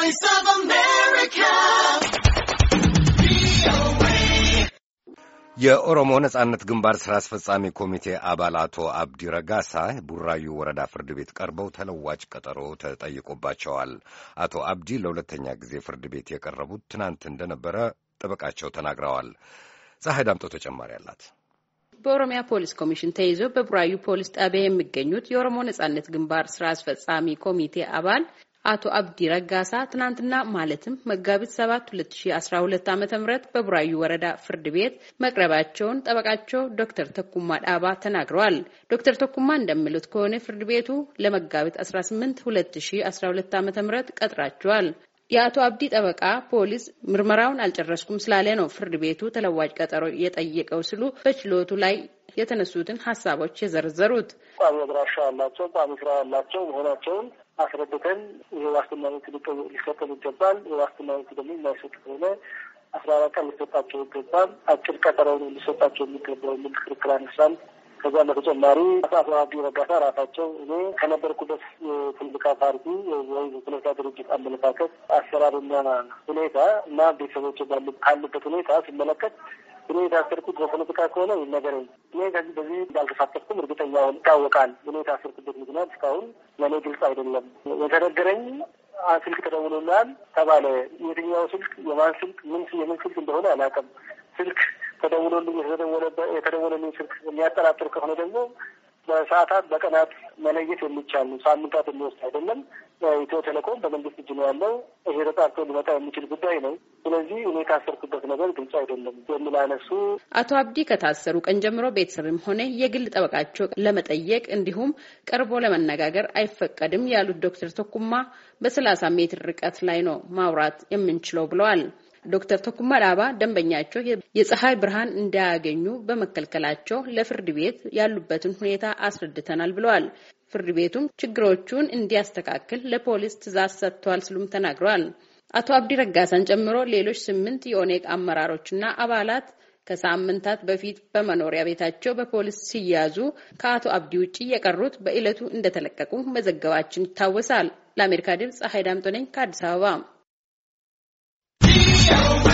Voice of America. የኦሮሞ ነጻነት ግንባር ሥራ አስፈጻሚ ኮሚቴ አባል አቶ አብዲ ረጋሳ ቡራዩ ወረዳ ፍርድ ቤት ቀርበው ተለዋጭ ቀጠሮ ተጠይቆባቸዋል። አቶ አብዲ ለሁለተኛ ጊዜ ፍርድ ቤት የቀረቡት ትናንት እንደነበረ ጠበቃቸው ተናግረዋል። ፀሐይ ዳምጦ ተጨማሪ አላት። በኦሮሚያ ፖሊስ ኮሚሽን ተይዘው በቡራዩ ፖሊስ ጣቢያ የሚገኙት የኦሮሞ ነጻነት ግንባር ሥራ አስፈጻሚ ኮሚቴ አባል አቶ አብዲ ረጋሳ ትናንትና ማለትም መጋቢት 7 2012 ም በቡራዩ ወረዳ ፍርድ ቤት መቅረባቸውን ጠበቃቸው ዶክተር ተኩማ ዳባ ተናግረዋል። ዶክተር ተኩማ እንደሚሉት ከሆነ ፍርድ ቤቱ ለመጋቢት 18 2012 ዓ.ም ቀጥራቸዋል። የአቶ አብዲ ጠበቃ ፖሊስ ምርመራውን አልጨረስኩም ስላለ ነው ፍርድ ቤቱ ተለዋጭ ቀጠሮ የጠየቀው ሲሉ በችሎቱ ላይ የተነሱትን ሀሳቦች የዘረዘሩት ቋሚ አድራሻ ያላቸው ቋሚ ስራ ያላቸው መሆናቸውን አስረድተን የዋስትና መብት ሊከተሉ ይገባል። የዋስትና መብት ደግሞ የማይሰጥ ከሆነ አስራ አራት ቀን ሊሰጣቸው ይገባል። አጭር ቀጠሮውን ሊሰጣቸው የሚገባው የሚል ክርክር አነሳል። ከዛ በተጨማሪ አቶ አብዱ ረጋሳ ራሳቸው እኔ ከነበርኩበት የፖለቲካ ፓርቲ ወይም የፖለቲካ ድርጅት አመለካከት አሰራርና ሁኔታ እና ቤተሰቦች ባሉበት ካሉበት ሁኔታ ሲመለከት እኔ የታሰርኩት በፖለቲካ ከሆነ ይነገረኝ። እኔ ከዚህ በዚህ እንዳልተሳተፍኩም እርግጠኛውን ይታወቃል። እኔ የታሰርኩበት ምክንያት እስካሁን ለእኔ ግልጽ አይደለም። የተነገረኝ ስልክ ተደውሎልሃል ተባለ። የትኛው ስልክ፣ የማን ስልክ፣ ምን የምን ስልክ እንደሆነ አላውቅም። ስልክ ተደውሎልኝ የተደወለልኝ ስልክ የሚያጠራጥር ከሆነ ደግሞ በሰዓታት በቀናት መለየት የሚቻሉ ሳምንታት የሚወስድ አይደለም። ኢትዮ ቴሌኮም በመንግስት እጅ ነው ያለው። ይሄ ተጣርቶ ሊመጣ የሚችል ጉዳይ ነው። ስለዚህ እኔ ካሰርኩበት ነገር ግልጽ አይደለም የሚል አነሱ። አቶ አብዲ ከታሰሩ ቀን ጀምሮ ቤተሰብም ሆነ የግል ጠበቃቸው ለመጠየቅ እንዲሁም ቀርቦ ለመነጋገር አይፈቀድም ያሉት ዶክተር ተኩማ በሰላሳ ሜትር ርቀት ላይ ነው ማውራት የምንችለው ብለዋል። ዶክተር ተኩማ ዳባ ደንበኛቸው የፀሐይ ብርሃን እንዳያገኙ በመከልከላቸው ለፍርድ ቤት ያሉበትን ሁኔታ አስረድተናል ብለዋል። ፍርድ ቤቱም ችግሮቹን እንዲያስተካክል ለፖሊስ ትዕዛዝ ሰጥቷል ሲሉም ተናግረዋል። አቶ አብዲ ረጋሳን ጨምሮ ሌሎች ስምንት የኦኔግ አመራሮችና አባላት ከሳምንታት በፊት በመኖሪያ ቤታቸው በፖሊስ ሲያዙ ከአቶ አብዲ ውጭ የቀሩት በዕለቱ እንደተለቀቁ መዘገባችን ይታወሳል። ለአሜሪካ ድምፅ ፀሐይ ዳምጦ ነኝ ከአዲስ አበባ Gracias.